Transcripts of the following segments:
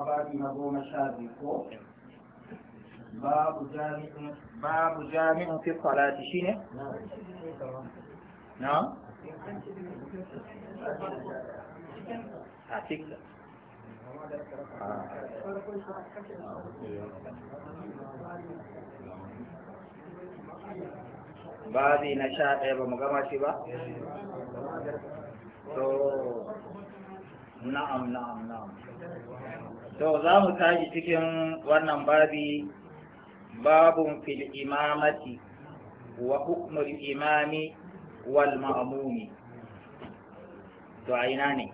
a babi na goma sha biyu ko babu jami'in babu jami'in fi salati shine na a cikin babi na sha ba mu gama shi ba? na'am na'am to za mu tashi cikin wannan babi babun fil imamati wa hukmul imami wal ma'mumi to a ina ne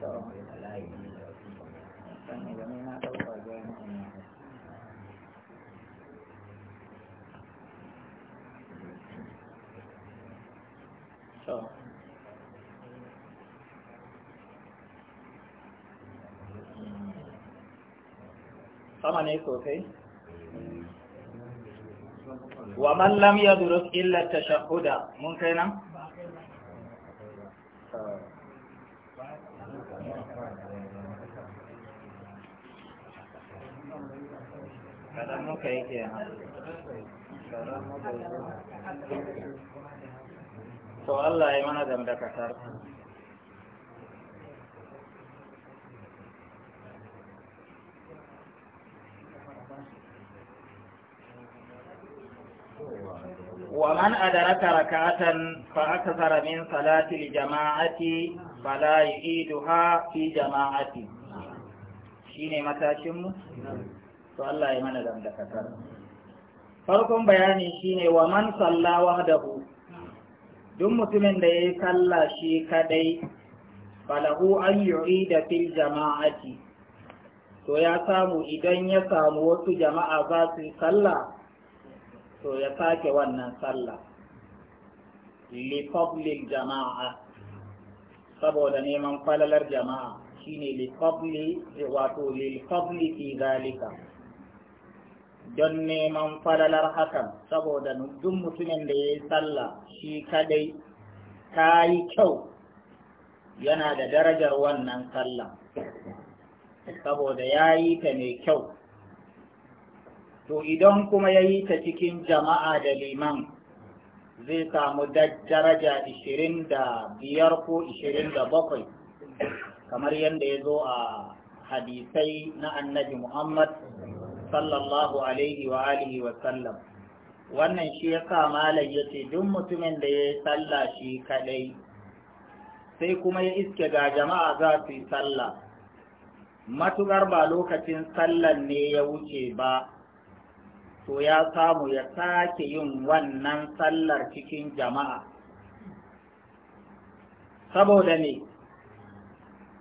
Thank you. سما نيسوكي ومن لم يدرس إلا التشهد ممكن سؤال لا يمنى دمدك سارتك ومن أدرك ركعة فأكثر من صلاة الجماعة فلا يعيدها في جماعة شيني متى شمو فالله يمن لم تكثر farkon bayani shine wa man salla wahdahu duk mutumin da ya salla shi kadai falahu an yu'ida fil jama'ati to ya samu idan ya samu wasu jama'a za su salla to ya sake wannan sallah public jama'a saboda neman falalar jama'a shine lifabli wato li public zalika don neman falalar hakan saboda duk mutumin da ya yi sallah shi kadai ta yi kyau yana da darajar wannan sallah saboda ya yi ta mai kyau to idan kuma ya yi ta cikin jama'a da liman zai samu daraja 25 ko 27 kamar yadda ya zo a hadisai na annabi Muhammad sallallahu alaihi wa alihi wa wannan shi ya sa malam ya ce duk mutumin da ya yi sallah shi kadai sai kuma ya iske ga jama'a za su yi sallah matuƙar ba lokacin sallan ne ya wuce ba to ya samu ya sake yin wannan sallar cikin jama'a saboda ne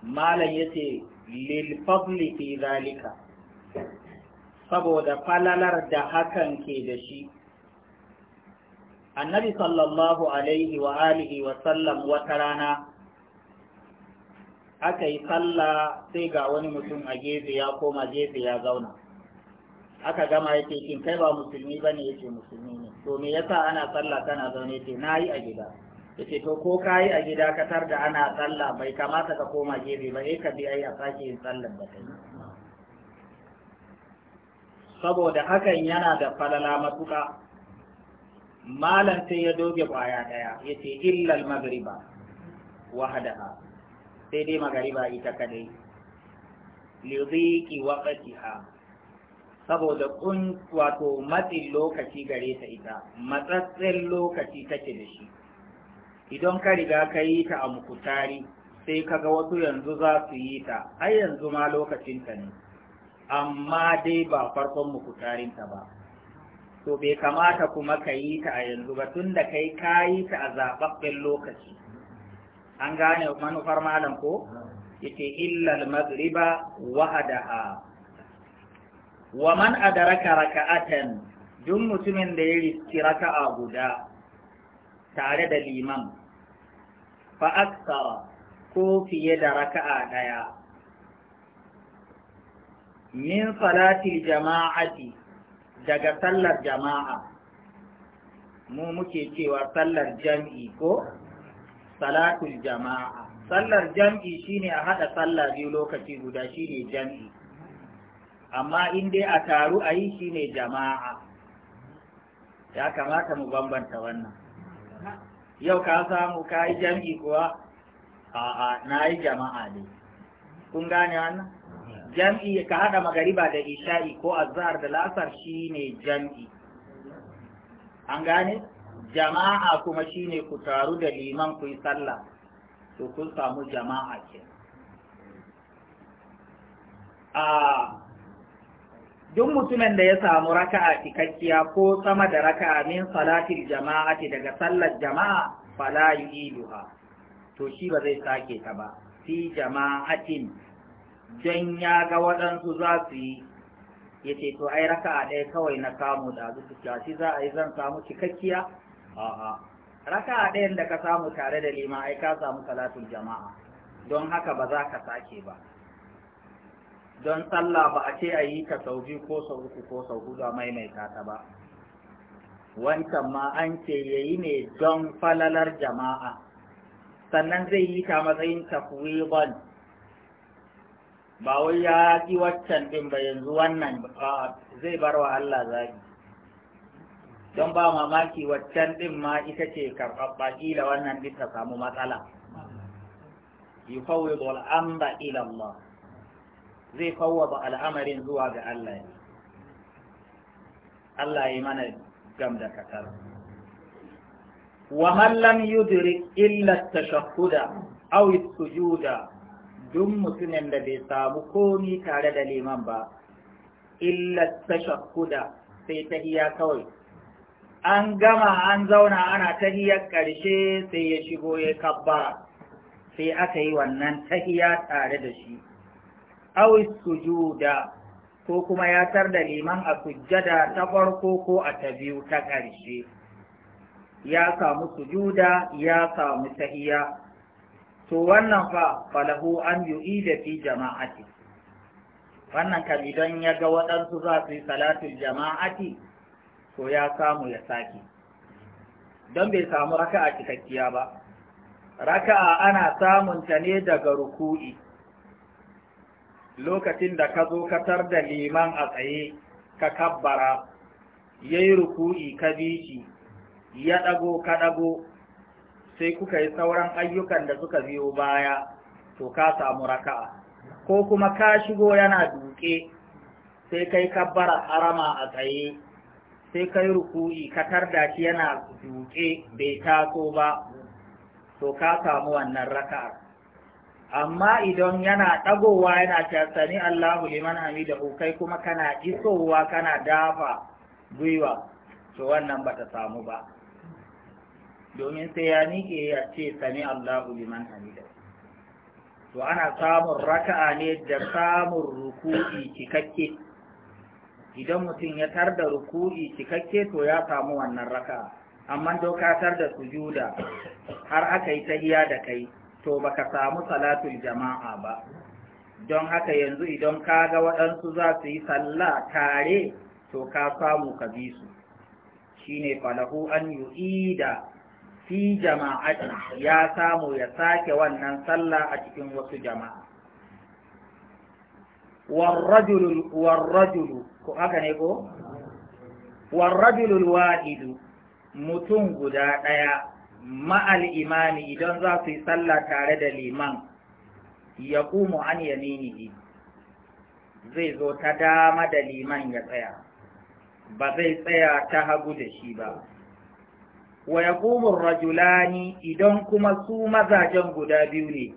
malam ya ce lilfabli fi zalika saboda falalar da hakan ke da shi annabi sallallahu alaihi wa alihi wa sallam wata rana aka yi sallah sai ga wani mutum a gefe ya koma gefe ya zauna aka gama yake kin kai ba musulmi ba ne yake musulmi ne to me yasa ana sallah kana zaune ce na yi a gida ya to ko ka yi a gida ka tar da ana sallah bai kamata ka koma gefe ba eh ka bi ai a sake yin sallar da kai saboda hakan yana da falala matuka, malam sai ya doge kwaya ɗaya ya ce al maghriba wahdaha sai dai magariba ita kadai liziqi waqtiha saboda kun wato matsin lokaci gare ta ita matsatsen lokaci take da shi idan ka riga ka yi ta a mukutari sai ka ga wasu yanzu za su yi ta har yanzu ma lokacinta ne amma dai ba farkon ta ba to bai kamata kuma ka yi ta a yanzu ba tun da kai ka yi ta a zaɓaɓɓen lokaci an gane manufar malam ko yake illal magriba wahadaha wa man adaraka raka'atan duk mutumin da ya riski raka'a guda tare da liman fa aksara ko fiye da raka'a daya min salatil jama'ati daga sallar jama'a mu muke cewa sallar jam'i ko salatul jama'a sallar jam'i shine a hada sallar biyu lokaci guda shine jam'i amma in dai a taru a yi shi ne jama'a ya kamata mu bambanta wannan yau ka samu ka yi jam'i kuwa a'a na yi jama'a ne kun gane wannan jam'i ka haɗa magariba da isha'i ko azhar da lasar shi ne jam'i an gane jama'a kuma shi ne ku taru da liman ku yi sallah to kun samu jama'a ke a duk mutumin da ya samu raka'a cikakkiya ko sama da raka'a min salatil jama'ati daga sallar jama'a fala yu'iduha to shi ba zai sake ta ba fi jama'atin dan ya ga waɗansu za su yi ya ce to ai raka'a ɗaya kawai na samu da su shi za a yi zan samu cikakkiya a'a raka'a ɗayan da ka samu tare da lima ai ka samu salatul jama'a don haka ba za ka sake ba don sallah ba a ce a yi ta sau biyu ko sau uku ko sau hudu a maimaita ta ba wancan ma an ce ya yi ne don falalar jama'a sannan zai yi ta matsayin tafwiban ba wai ya ƙi waccan ɗin ba yanzu wannan zai bar wa Allah zagi don ba mamaki waccan ɗin ma ita ce karɓaɓɓa ƙila wannan ɗin ta samu matsala yufawwidu al'amra ila Allah zai fawwaba al'amarin zuwa ga Allah ya Allah yi mana gam da katar wa Mallam lam yudrik illa tashahhuda aw sujuda duk mutumin da bai samu komi tare da liman ba illa tashahhuda sai tahiya kawai an gama an zauna ana tahiyar ƙarshe sai ya shigo ya kabbara sai aka yi wannan tahiya tare da shi awis sujuda ko kuma ya tar da liman a sujjada ta farko ko a ta biyu ta ƙarshe ya samu sujuda ya samu tahiya to wannan fa falahu an yu'ida fi jama'ati wannan kan idan ya ga waɗansu za su yi salatul jama'ati to ya samu ya sake don bai samu raka'a cikakkiya ba raka'a ana samun ta ne daga ruku'i lokacin da ka zo ka tar da liman a tsaye ka kabbara ya yi ruku'i ka bi ya ɗago ka ɗago sai kuka yi sauran ayyukan da suka biyo baya to ka samu raka'a ko kuma ka shigo yana duke sai kai kabbara harama a tsaye sai kai ruku'i ka da shi yana duke bai taso ba to ka samu wannan raka'ar amma idan yana ɗagowa yana casani Allahu liman hamidahu kai kuma kana isowa kana dafa gwiwa to wannan bata samu ba domin sai ya nike ya ce sami Allahu liman hamida to ana samun raka'a ne da samun ruku'i cikakke idan mutum ya tar da ruku'i cikakke to ya samu wannan raka'a amma doka tar da sujuda har aka yi ta iya da kai to baka samu salatul jama'a ba don haka yanzu idan ka ga waɗansu za su yi sallah tare to ka samu ka bi su shine falahu an yu'ida fi jama'atin ya samu ya sake wannan salla a cikin wasu jama'a warrajulu ko haka ne ko warrajulu wahidu mutum guda ɗaya ma'al imami idan za su yi sallah tare da liman ya kumu an yaminihi zai zo ta dama da liman ya tsaya ba zai tsaya ta hagu da shi ba wa ya rajulani idan kuma su mazajen guda biyu ne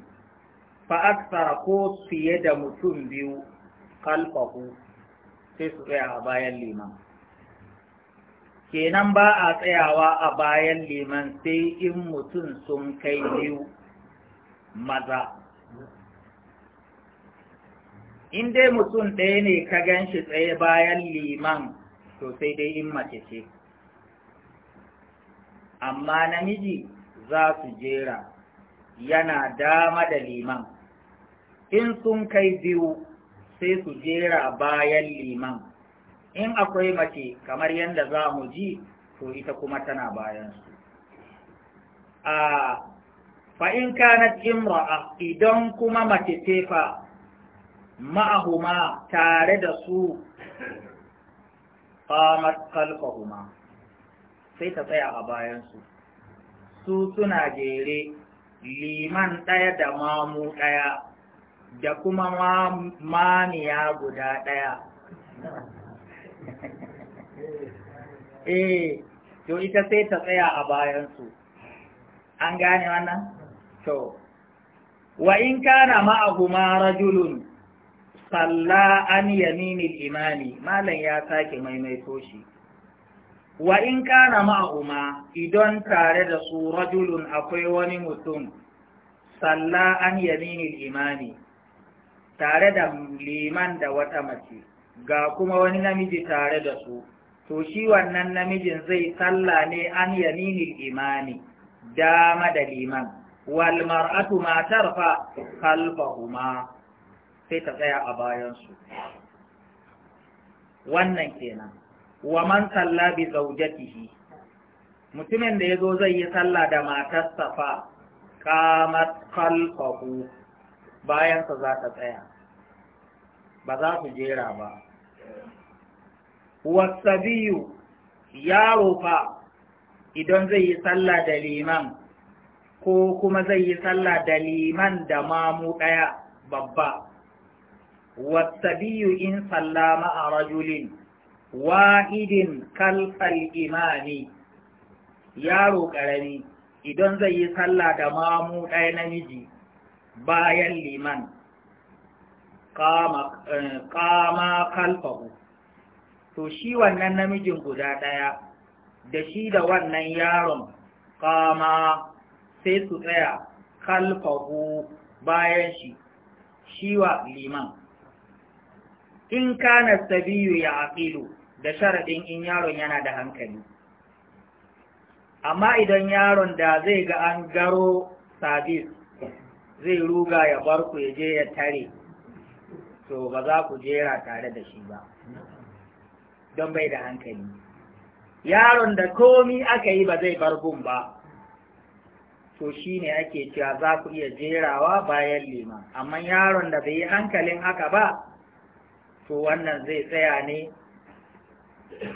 fa aksara ko fiye da mutum biyu kalfahu sai su tsaya a bayan liman kenan ba a tsayawa a bayan liman sai in mutum sun kai biyu maza in dai mutum ɗaya ne ka gan shi tsaye bayan liman to sai dai in mace ce amma namiji za su jera yana dama da liman in sun kai biyu sai su jera bayan liman in akwai mace kamar yadda za mu ji to ita kuma tana bayansu a fa'in kanat imra'a idan kuma mace tefa ma'ahuma tare da su qamat khalfahuma sai ta tsaya a bayansu su suna jere liman ɗaya da mamu ɗaya da kuma mamiya guda ɗaya eh to ita sai ta tsaya a bayansu an gane wannan to wa in kana ma'ahuma rajulun salla an yaminil imani malam ya sake maimaito shi wa in kana ma'ahuma idan tare da su rajulun akwai wani mutum salla an yaminil imani tare da liman da wata mace ga kuma wani namiji tare da su to shi wannan namijin zai salla ne an yamini imani dama da liman wal mar'atu ma tarfa khalfahuma sai ta tsaya a bayansu wannan kenan wa man salla bi zawjatihi mutumin da yazo zai yi salla da matarsa fa qamat khalfahu bayansa za ta tsaya ba za su jera ba wasabiyu yaro fa idan zai yi sallah da liman ko kuma zai yi sallah da liman da mamu ɗaya babba wasabiyu in sallama a rajulin wa'idin kalfal imani yaro ƙarami idan zai yi sallah da mamu ɗaya namiji bayan liman kama kalfahu to shi wannan namijin guda ɗaya da shi da wannan yaron kama sai su tsaya kalfahu bayan shi shiwa liman in kana sabiyu ya aqilu da sharaɗin in yaron yana da hankali amma idan yaron da zai ga an garo sabis zai ruga ya bar ku ya je ya tare to ba za ku jera tare da shi ba don bai da hankali yaron da komi aka yi ba zai bar gun ba to shi ne ake cewa za ku iya jerawa bayan lima amma yaron da bai yi hankalin haka ba to wannan zai tsaya ne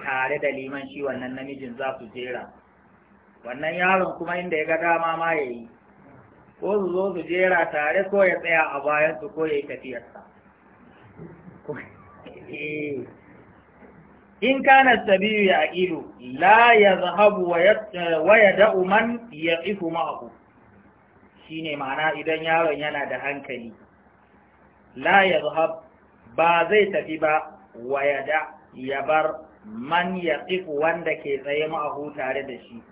tare da liman shi wannan namijin za su jera wannan yaron kuma inda ya ga dama ma ya yi ko su zo su jera tare ko ya tsaya a bayan su ko ya yi tafiyarsa eh. in kana sabiyu ya ilu la ya zahabu wa da'uman man yaqifu ma'ahu ne ma'ana idan yaron yana da hankali la ya zahabu, ba zai tafi ba wa da ya bar man yaqifu wanda ke tsaye ma'ahu tare da shi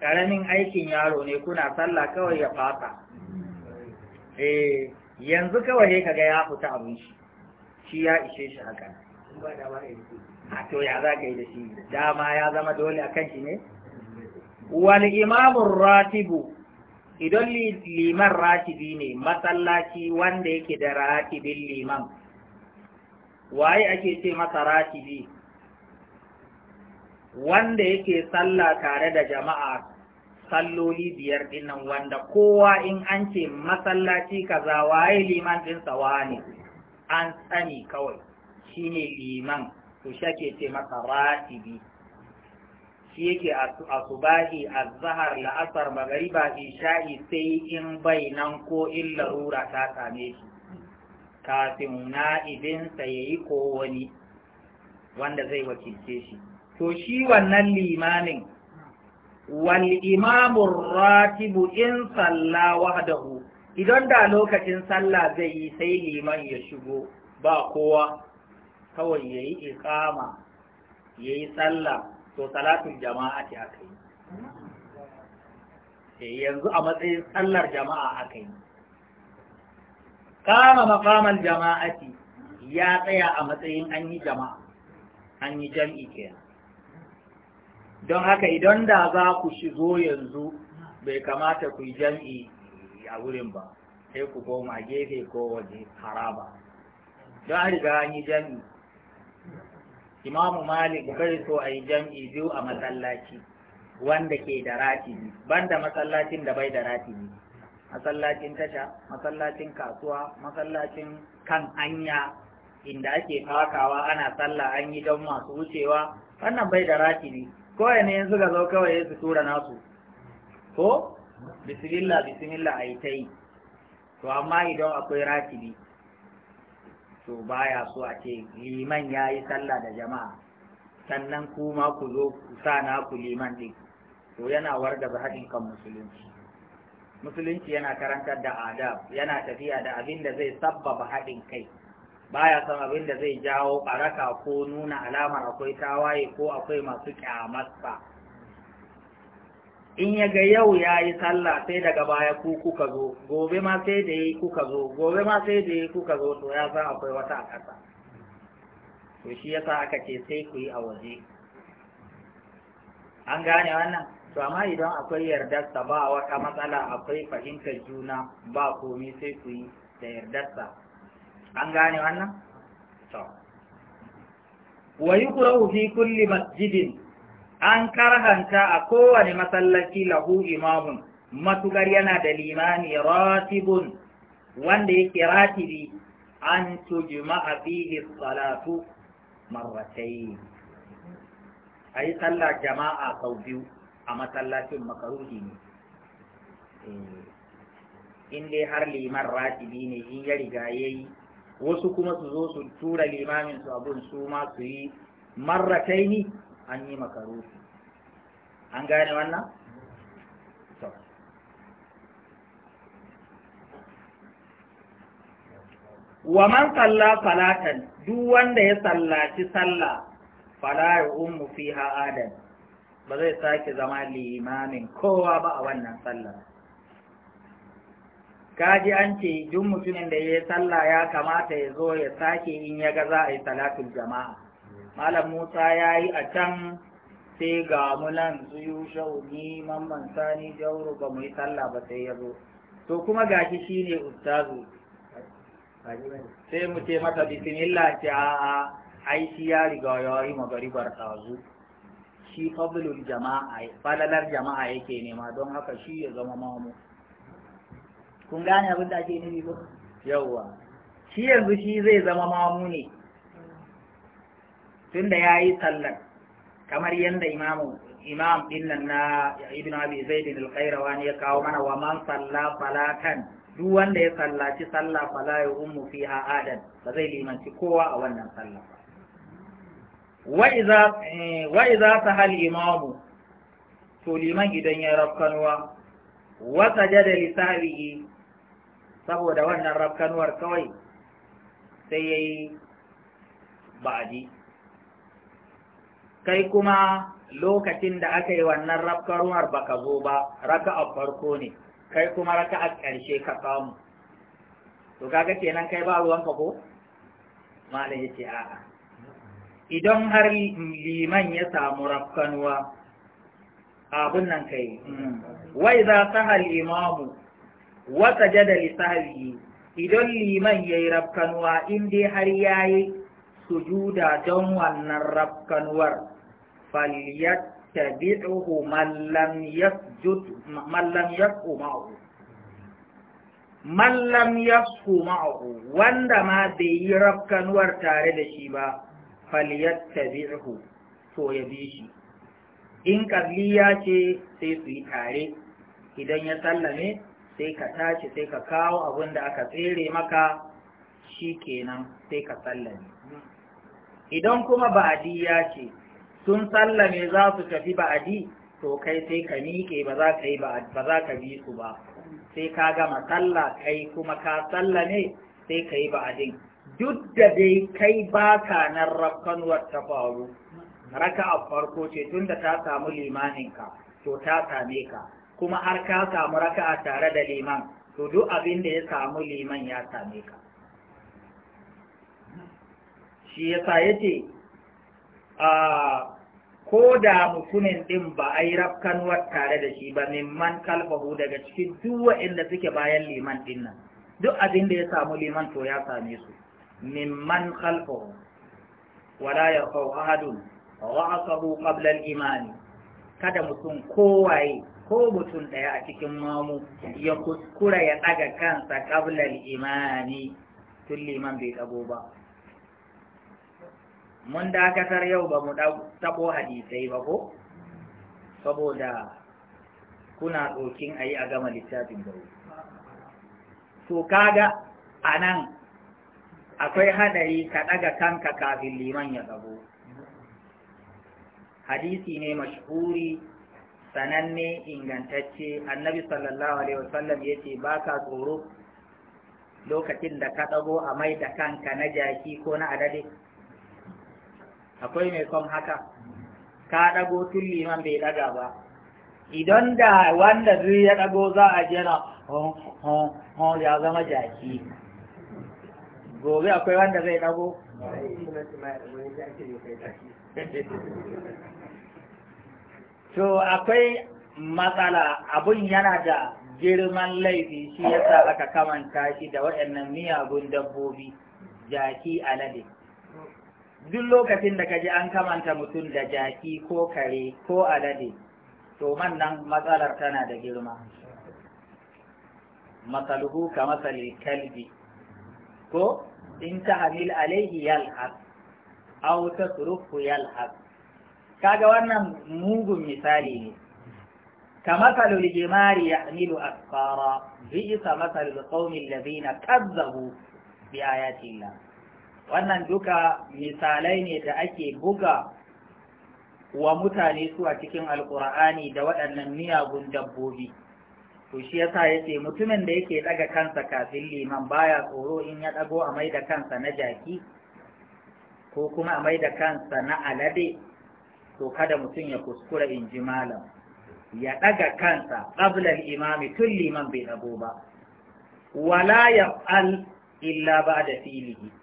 ƙaramin aikin yaro ne kuna sallah kawai ya fata eh yanzu kawai ka ga ya fita abinci. shi ya ishe shi haka a to ya za ka yi da shi dama ya zama dole kan shi ne wani imamun ratibu idan liman ratibi ne masallaci wanda yake da ratibin liman waye ake ce masa ratibi wanda yake sallah tare da jama'a salloli biyar dinnan wanda kowa in an ce masallaci kaza waye liman dinsa wane ne an sani kawai shi ne liman to ake ce masa ratibi shi yake a subahi a zahar la'asar magariba Sha'i, sai in bai nan ko in larura ta same shi kafin na'ibinsa ya yi ko wanda zai wakilce shi to shi wannan limanin! wal imamun ratibu in salla wahdahu idan da lokacin sallah zai yi sai liman ya shigo ba kowa kawai ya yi ikama ya yi sallah to salatun jama'a ce aka yi eh, yanzu a matsayin sallar jama'a aka yi kama makamal jama'ati ya tsaya a matsayin an yi jama'a an yi jam'i kenan don haka idan da za ku shigo yanzu bai kamata ku yi jam'i a wurin ba sai ku koma gefe ko waje haraba don an riga an yi jam'i imamu malik bai so a yi jam'i biyu a masallaci wanda ke da ratibi banda masallacin da bai da ratibi masallacin tasha masallacin kasuwa masallacin kan anya inda ake fakawa ana sallah an yi don masu wucewa wannan bai da ratibi kowane ne yanzu ga zo kawai su tura nasu ko bismillah bismillah a yi ta yi to amma idan akwai ratibi to baya so a ce liman ya yi sallah da jama'a sannan kuma ku zo ku sa na ku liman ɗin to yana warga haɗin kan musulunci musulunci yana karantar da adab yana tafiya da abin da zai sabbaba haɗin kai baya son abin da zai jawo ɓaraka ko nuna alamar akwai tawaye ko akwai masu ƙyamarsa in ya ga yau ya yi sallah sai daga baya ku kuka zo gobe ma sai da yi kuka zo gobe ma sai da yi kuka zo to ya san akwai wata a ƙasa to shi yasa aka ce sai ku yi a waje an gane wannan to amma idan akwai yardarsa ba wata matsala akwai fahimtar juna ba komi sai ku yi da yardarsa an gane wannan to wa yukrahu fi kulli masjidin an karhanta a kowane masallaci lahu imamun matukar yana da limani ratibun wanda yake ratibi an tujma'a fihi salatu marratayn ayi sallar jama'a sau biyu a masallacin makaruhi ne eh, in dai har liman ratibi ne in ya riga yayi wasu kuma su zo su tura limamin su abun su ma su yi marrataini an yi makarufi an gane wannan? wa man salla salatan duk wanda ya sallaci salla fala ya ummu fiha adam ba zai sake zama limamin kowa ba a wannan sallar kaji an ce duk mutumin da ya yi sallah ya kamata ya zo ya sake in ya ga za a yi salatul jama'a malam musa ya yi a can sai ga munan zuyu shau ni mamman sani jauro ba mu yi sallah ba sai ya zo to kuma gashi shine ustazu sai mu ce mata bismillah ce a ai shi ya riga ya yi magaribar tazu shi fadlul jama'a falalar jama'a yake nema don haka shi ya zama mamu kun gane abin da ake nufi ba yawwa shi yanzu shi zai zama mamu ne tunda ya yi sallar kamar yadda imamu imam din nan na ibn abi zaid al-qayrawani ya kawo mana wa man salla falatan duk wanda ya sallaci sallah fala ya ummu fiha adan ba zai limanci kowa a wannan sallar. wa iza eh, wa iza sahal imamu to liman idan ya rafkanuwa wa sajada li sahbihi saboda wannan rafkanuwar kawai sai yayi ba'di kai kuma lokacin da aka yi wannan rafkaruwar ka zo ba a farko ne kai kuma a ƙarshe ka samu to kaga kenan kai ba ruwanka ko malam yace a'a idan har liman ya samu rafkanuwa abun nan kai hmm. wa idza sahal imamu wa sajada li sahbihi idan liman yayi rafkanuwa in dai har yayi sujuda don wannan rafkanuwar falyattabi'uhu man lam yasjud man lam ma'ahu man lam ma'ahu wanda ma bai yi rafkanuwar tare da shi ba falyattabi'uhu to ya bi shi in kabliya ce sai su yi tare idan ya sallame sai ka tashi sai ka kawo abin da aka tsere maka shi kenan sai ka sallame idan kuma ba'adiya ce sun sallame za su tafi ba'adi to kai sai ka miƙe ba za ka yi ba za ka bi su ba sai ka gama sallah kai kuma ka ne sai ka yi ba'adin duk da dai kai baka nan rafkanuwar ta faru raka a farko ce tun da ta samu limaninka to ta same ka kuma har ka samu raka a tare da liman to duk abin da ya samu liman ya same ka shi yasa yace a ah, ko da mutumin ɗin ba a yi rafkanuwar tare da shi ba mimman kalfahu daga cikin duwa inda suke bayan liman ɗin nan duk abin da ya samu liman to ya same su mimman kalfahu wala ya kau ahadun ra'asahu qabla al-imani kada mutum kowaye ko mutum ɗaya a cikin mamu ya kuskura ya ɗaga kansa qabla imani tun liman bai ɗago ba mun dakatar yau ba mu tabo hadisai ba ko saboda kuna ɗokin a yi a gama littafin da to kaga a nan akwai hadari ka ɗaga kanka kafin liman ya gabo hadisi ne mashhuri sananne ingantacce annabi sallallahu alaihi wasallam ya ba ka tsoro lokacin da ka ɗago a mai da kanka na jaki ko na alade akwai mai son haka ka ɗago tun liman bai ɗaga ba idan da wanda zai ya ɗago za a jira hon ya zama jaki gobe akwai wanda zai ɗago to akwai matsala abun yana da girman laifi shi ya yasa aka kamanta shi da waɗannan miyagun dabbobi jaki alade duk lokacin da kaji an kamanta mutum da jaki ko kare ko alade to nan matsalar tana da girma masaluhu ka masalil kalbi ko in ta hamil alaihi yalhas aw tasrufu yalhas kaga wannan mugun misali ne Ka كمثل bi isa أسفارا بئس مثل القوم الذين كذبوا بآيات الله wannan duka misalai ne da ake buga wa mutane su a cikin alkur'ani da waɗannan miyagun dabbobi to shi yasa yace mutumin da yake daga kansa kafin liman baya tsoro in ya dago a mai da kansa na jaki ko kuma a mai da kansa na alade to kada mutum ya kuskura in ji malam ya daga kansa qabla imami tun liman bai dago ba wala yaf'al illa da filihi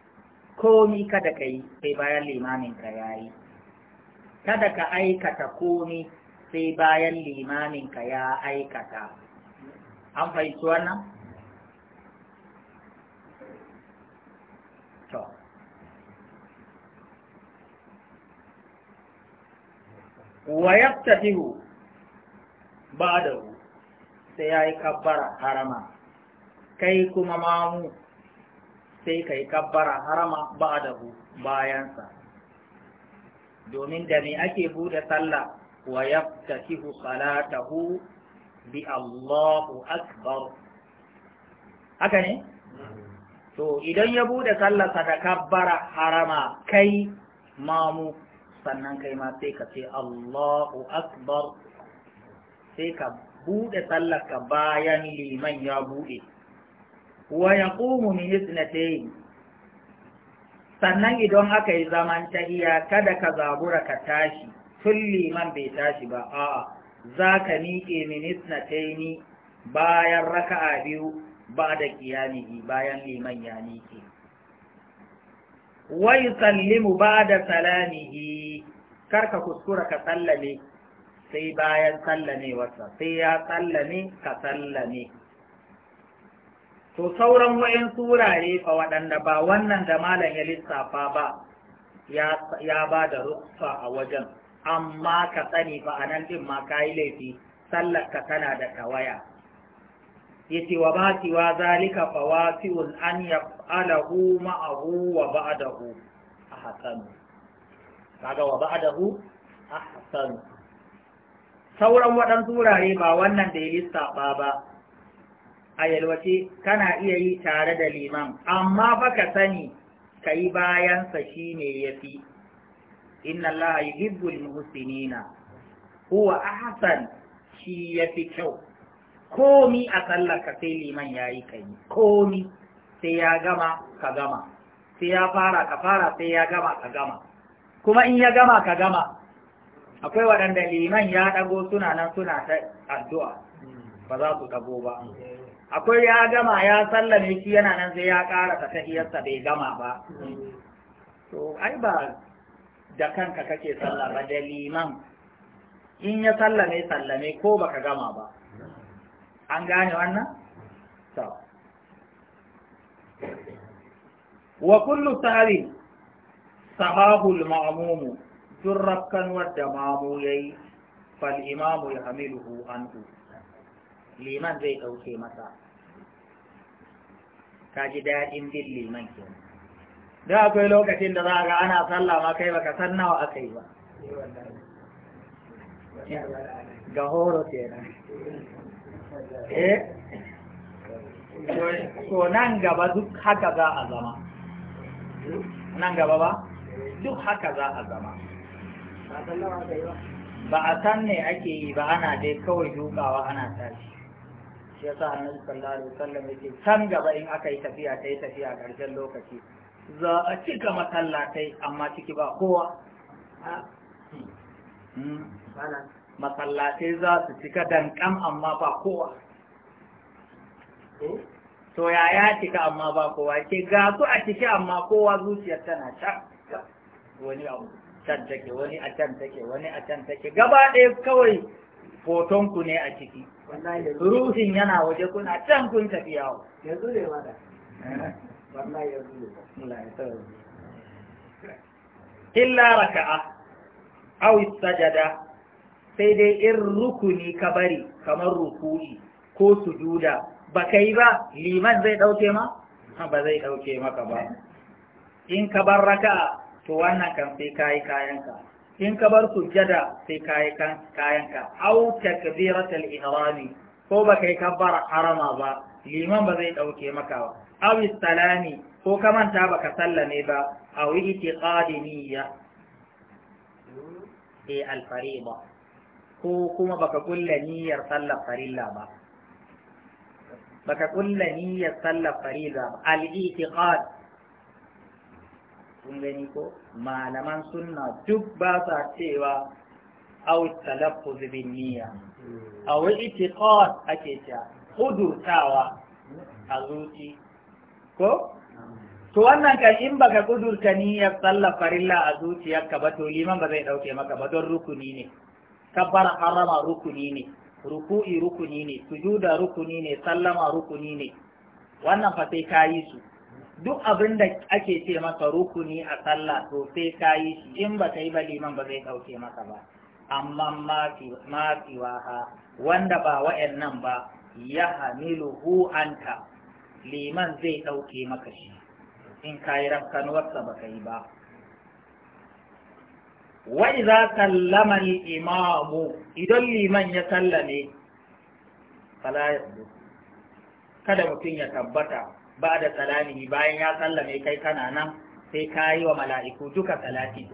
komi kada ka yi sai bayan limamin ka yi. kada ka aikata komi sai bayan limamin ka ya aikata an fahimci wannan wa yaftahu ba'dahu sai yayi kabbara harama kai kuma mamu sai ka yi kabbara harama ba da bayansa domin da me ake buɗe sallah wa yaftahihu salatahu bi Allahu akbar haka ne to idan ya buɗe sallarsa da kabbara harama kai mamu sannan kai ma sai ka ce Allahu akbar sai ka buɗe sallarka bayan liman ya buɗe wa yaqumu min yi. sannan idan aka yi zaman ta iya. kada ka zabura ka tashi tun liman bai tashi ba a'a za ka miƙe yi ni bayan raka'a biyu ba da kiyamihi bayan liman ya miƙe wa mu ba da salamihi karka kuskura ka sallame sai bayan sallamewarsa sai ya sallame ka sallame to sauran wayan surare fa waɗanda ba wannan da malam ya lissafa ba ya ba da rufa a wajen amma ka tsani ba a nan ɗin ma ka yi laifi sallar ka tana da kawaya yace wa ba ki wa zalika fawasi'un an alahu ma'ahu wa ba'dahu ahsan kaga wa ba'dahu ahsan sauran waɗan wurare ba wannan da ya lissafa ba a yalwace kana iya yi tare da liman amma fa ka sani ka yi bayansa shi ne ya fi inna allaha yuhibbul muhsinina huwa ahsan shi ya fi kyau komi a sallar ka sai liman ya yi kai komi sai ya gama ka gama sai ya fara ka fara sai ya gama ka gama kuma in ya gama ka gama akwai waɗanda liman ya ɗago suna nan suna ta addu'a ba za su ɗago ba akwai ya gama ya sallame shi yana nan sai ya ƙara ka tahiyarsa bai gama ba to ai ba da kanka kake sallah ba da liman in ya sallame sallame ko baka gama ba an gane wannan to wa kullu sahabi sahahul ma'mum durrakan wadda mamu yayi fal imamu yahmiluhu anhu liman zai ɗauke masa ka ji daɗin bin liman ke da akwai lokacin da za ga ana sallah ma kai baka san nawa aka yi ba ga horo kenan eh so nan gaba duk haka za a zama nan gaba ba duk haka za a zama ba a san ne ake yi ba ana dai kawai dukawa ana tashi shi yasa annabi sallallahu alaihi wasallam yake can gaba in aka yi tafiya ta yi tafiya ƙarshen lokaci za a cika masallatai amma ciki ba kowa hmm. masallatai za su cika dankam amma ba kowa hmm? to ya ya cika amma ba kowa ke ga su a ciki amma kowa zuciyar tana can wani a can take wani a can take wani a can take gaba ɗaya kawai hotonku ne a ciki ruhin yana waje kuna can kun tafi yawo yanzu ne ma da eh. wallahi illa raka'a aw sajada sai dai in rukuni ka bari kamar ruku'i ko sujuda ba kai ba liman zai dauke ma ba zai dauke maka ba in ka bar raka'a to wannan kan sai kayi kayanka in ka bar su jada sai kayi kayanka au takbiratul ihrami ko ba kai kabbara harama ba liman ba zai dauke maka ba au salami ko ka manta ba ka sallame ba au itiqadi e eh al fariida ko kuma baka kulla niyyar sallar farilla ba baka kulla niyyar sallar farilla ba al itiqad kun gani ko malaman sunna duk ba sa cewa au talaffuz bin niyya hmm. ake cewa kudurtawa a zuci ko hmm. to wannan kan in baka kudurta niyyar sallar farilla a zuciyarka ba to liman ba zai dauke maka ba don rukuni ne kabbar harama rukuni ne ruku'i rukuni ne sujuda rukuni ne sallama rukuni ne wannan fa sai ka yi su duk abin da ake ce maka rukuni a sallah to sai ka yi shi in ba ka yi ba liman ba zai ɗauke maka ba amma mafiwa ha wanda ba wa'yan nan ba ya hamilu hu anta liman zai ɗauke maka shi in ka yi rafkanuwarsa ba ka yi ba wa iza sallama imamu idan liman ya sallame kada mutum ya tabbata ba da salami bayan ya sallame kai kana nan sai ka yi wa mala'iku duka salati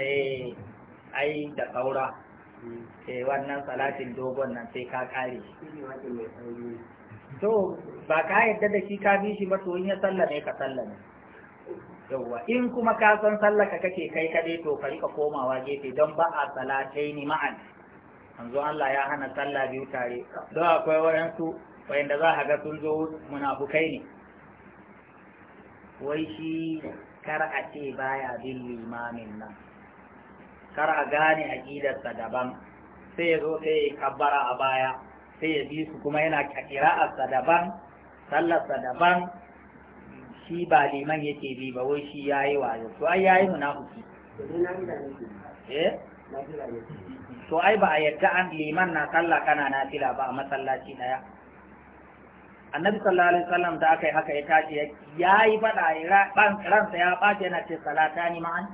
eh, eh, ai da saura hmm. eh wannan salatin dogon nan sai ka kare to ba ka yadda da shi ka bi shi ba to in ya sallame ka sallame yawwa in kuma ka san sallaka kake kai kade to ka rika komawa gefe don ba a salatai ni ma'an manzo Allah ya hana sallah biyu tare don akwai wayansu wayanda za a ga sun zo munafukai ne wai shi kar a ce baya bin limamin nan kar a gane aƙidarsa daban sai ya zo sai ya kabbara a baya sai ya bi su kuma yana kira'arsa daban sallarsa daban shi ba liman yake bi ba wai shi ya yi wayo to ai ya yi munafuki eh? to ai ba a yadda an liman na sallah kana nafila ba a masallaci daya annabi sallallahu alaihi wasallam da aka yi haka ya tashi ya yi fada ransa ya ɓace yana ce salata ni ma'an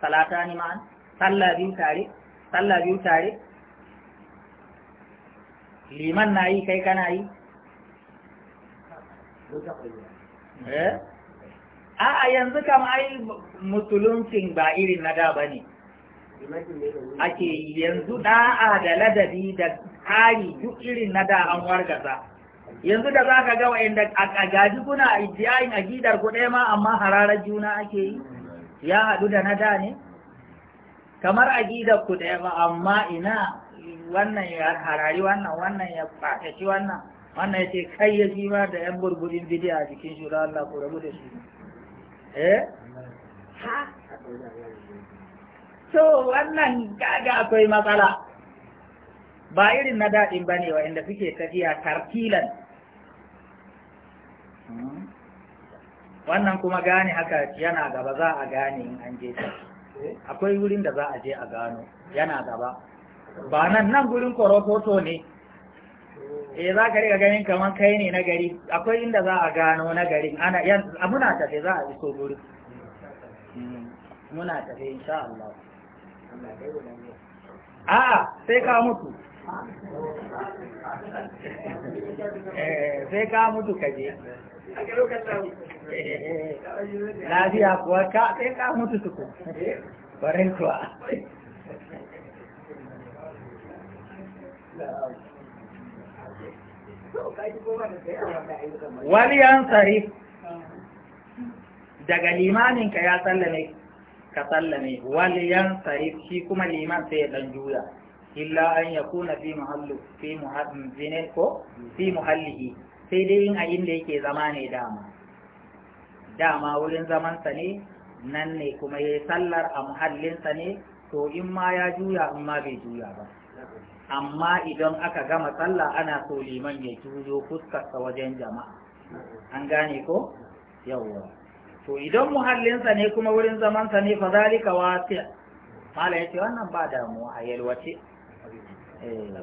salata ni ma'an sallah biyu tare sallah biyu tare liman na yi kai kana yi eh? a'a yanzu kam ai musuluncin ba irin na da ba ne ake yanzu da'a da ladabi da kari duk irin na da an wargaza yanzu da za ka ga wa'inda a gaji kuna a ijiyayin a ku ɗaya ma amma hararar juna ake yi ya haɗu da na da ne kamar a ku ɗaya ma amma ina wannan ya harari wannan wannan ya faɗaci wannan wannan ya ce kai ya ji ma da yan burburin bidiya a jikin shi da Allah ku rabu da shi eh ha so wannan kaga akwai matsala ba irin na daɗin ba ne wa'inda suke tafiya tartilan wannan kuma gane haka yana gaba za a gane in an je eh? akwai wurin da za a je a gano yana gaba ba nan nan gurin korokoto ne e za ka riga ganin kamar kai ne na gari akwai inda za a gano na gari a muna tafe za a iso guri hmm, muna tafe insha Allah a'a sai ka mutu Eh, sai ka mutu ka je eh, lafiya kuwa ka sai ka mutu ku, barin kuwa wani yan sarif daga limaninka ya sallame ka sallame wani yan sarif shi kuma liman sai ya dan juya illa an yakuna fi muhallu fi muhallin ko fi muhallihi sai dai in a inda yake zama ne dama dama wurin zamansa ne nan ne kuma ya sallar a muhallinsa ne to in ma ya juya in ma bai juya ba amma idan aka gama sallah ana so liman ya juyo fuskarsa wajen jama'a an gane ko yawwa to idan muhallinsa ne kuma wurin zamansa ne fa zalika wasi mala yace wannan ba damuwa a yalwace Eh.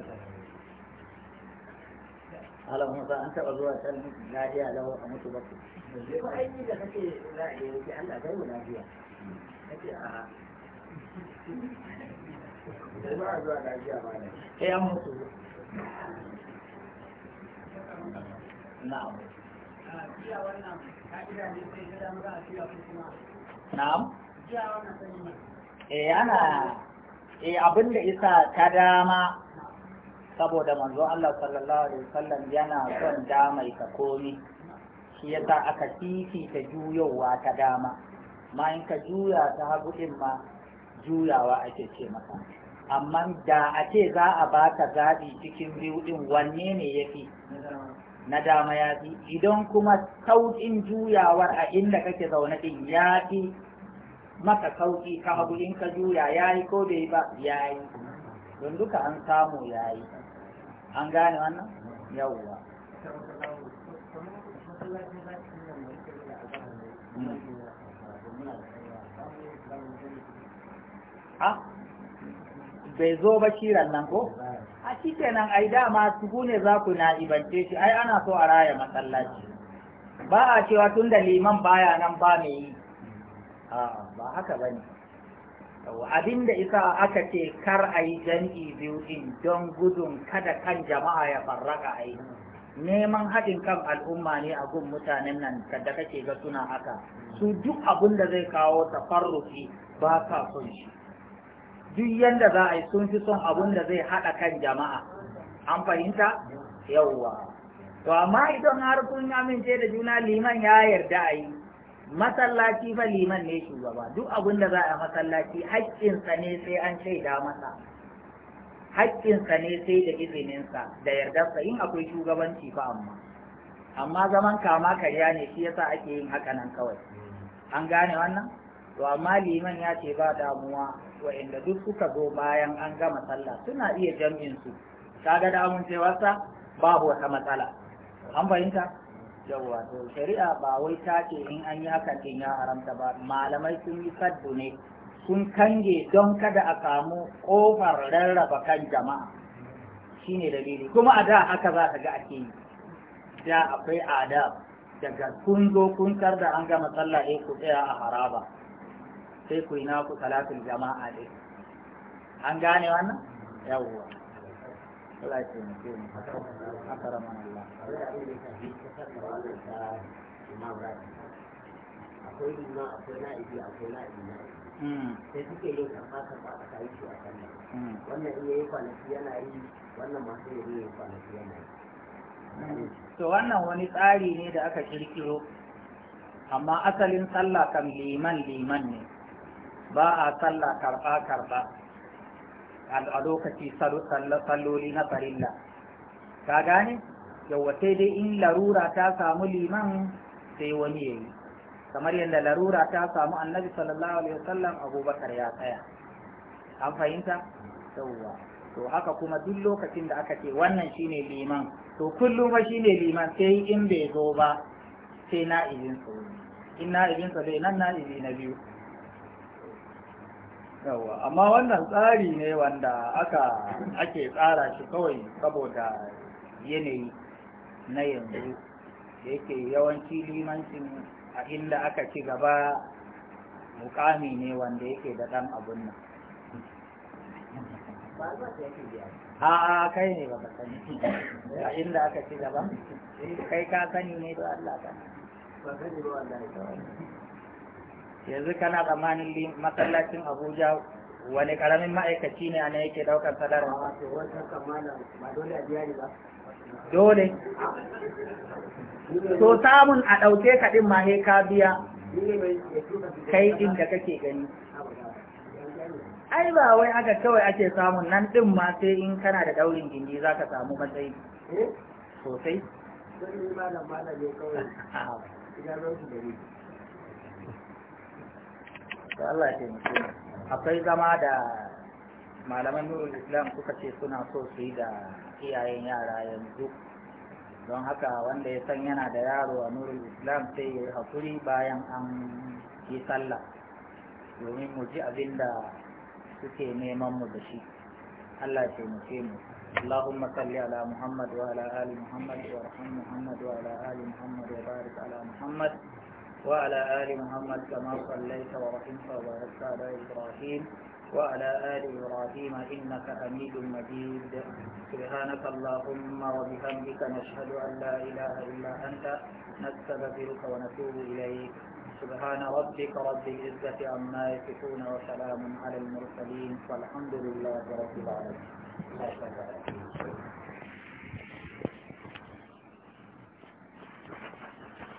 Alam Musa an taɓa zuwa can lafiya lau a mutu ba ku. Ko da kake yake lafiya. Kake a Ba a zuwa lafiya ba eh, mutu. Na'am. Jiya wannan ne sai a kuma. Na'am. Jiya wannan sanyi. Eh ana eh abin da isa ta dama saboda manzo Allah sallallahu alaihi wasallam yana son ka komi shi yasa aka ta juyowa ta dama ma in ka juya ta hagu din ma juyawa ake ce maka amma da a ce za a baka zaɓi cikin biyu din wanne ne yafi na dama ya fi idan kuma sauƙin juyawar a inda kake zaune din ya fi maka sauƙi ka hagu in ka juya ya yi ko bai ba ya yi don duka an samu ya yi an gane wannan yawwa a bai zo ba kiran nan ko a shi kenan ai dama su ne za ku na ibance shi ai ana so a raya masallaci ba a cewa tun da liman baya nan ba mai yi a ba haka ba abinda isa aka ce kar a yi jam'i biyu din don gudun kada kan jama'a ya farraka a yi neman haɗin kan al'umma ne a gun mutanen nan da kake ga suna haka su duk abin da zai kawo tafarruki ba sa son shi duk yanda za a yi sun fi son abin da zai haɗa kan jama'a an fahimta yawwa to amma idan har kun amince da juna liman ya yarda a yi masallaci fa liman ne shugaba duk abin da za a masallaci haƙƙinsa ne sai an shaida masa haƙƙinsa ne sai da izininsa da yardarsa in akwai shugabanci fa amma amma zaman kama karya ne shi yasa ake yin haka nan kawai an gane wannan to amma liman ya ce ba damuwa wa'inda duk suka zo bayan an gama sallah suna iya jam'in su kaga da amincewarsa babu wata matsala an fahimta yawwa to shari'a ba wai ta ce in an yi hakan din ya haramta ba malamai sun yi saddu ne sun kange don kada a samu kofar rarraba kan jama'a shine dalili kuma a da haka za ka ga ake yi da akwai adab daga kun zo kun kar da an gama sallah eh ku tsaya a haraba sai ku yi naku salatul jama'a ɗaya. an gane wannan yawwa Allah ya taimake mu akara man Allah akwai ima akwai na'ibi akwai na'ibi hmm. sai suke yin karfa karfa a kayi shi a kan hmm. wannan in yayi kwanaki yana yi wannan masu yi yin kwanaki yana yi hmm. to wannan wani tsari ne da aka kirkiro amma asalin sallah kan liman liman ne ba a sallah karfa karfa a lokaci salloli na farilla ka gane yawa dai in larura ta samu liman sai wani ya yi kamar yadda larura ta samu annabi sallallahu alaihi wasallam abubakar ya tsaya an fahimta yawwa to haka kuma duk lokacin da aka ce wannan shine liman to kullum fa shine liman sai in bai zo ba sai na izin tsoro in na izin tsoro nan na izi na biyu yawa amma wannan tsari ne wanda aka ake tsara shi kawai saboda yanayi na yanzu yake yawanci limancin a inda aka ci gaba mukami ne wanda yake da ɗan abun nan Ba a kai ne ba ka sani a inda aka ci gaba kai ka sani ne da Allah ka ba sani ba yanzu kana tsammanin masallacin abuja wani karamin ma'aikaci ne ana yake daukar ba dole so samun a ɗauke ka ɗin ma ka biya kai ɗin da kake gani ai ba wai aka kawai ake samun nan ɗin ma sai in kana da ɗaurin gindi za ka samu matsayi eh? sosai da Allah ya taimake mu akwai zama da malaman nurul islam suka ce suna so su yi da iyayen yara yanzu don haka wanda ya san yana da yaro a nurul islam sai ya yi hakuri bayan an yi sallah domin mu ji abin da suke neman mu da shi Allah ya taimake mu اللهم صل على محمد وعلى آل محمد وارحم محمد وعلى آل محمد وبارك على محمد وعلى آل محمد كما صليت ورحمت وباركت على إبراهيم وعلى آل إبراهيم إنك حميد مجيد سبحانك اللهم وبحمدك نشهد أن لا إله إلا أنت نستغفرك ونتوب إليك سبحان ربك رب العزة عما يصفون وسلام على المرسلين والحمد لله رب العالمين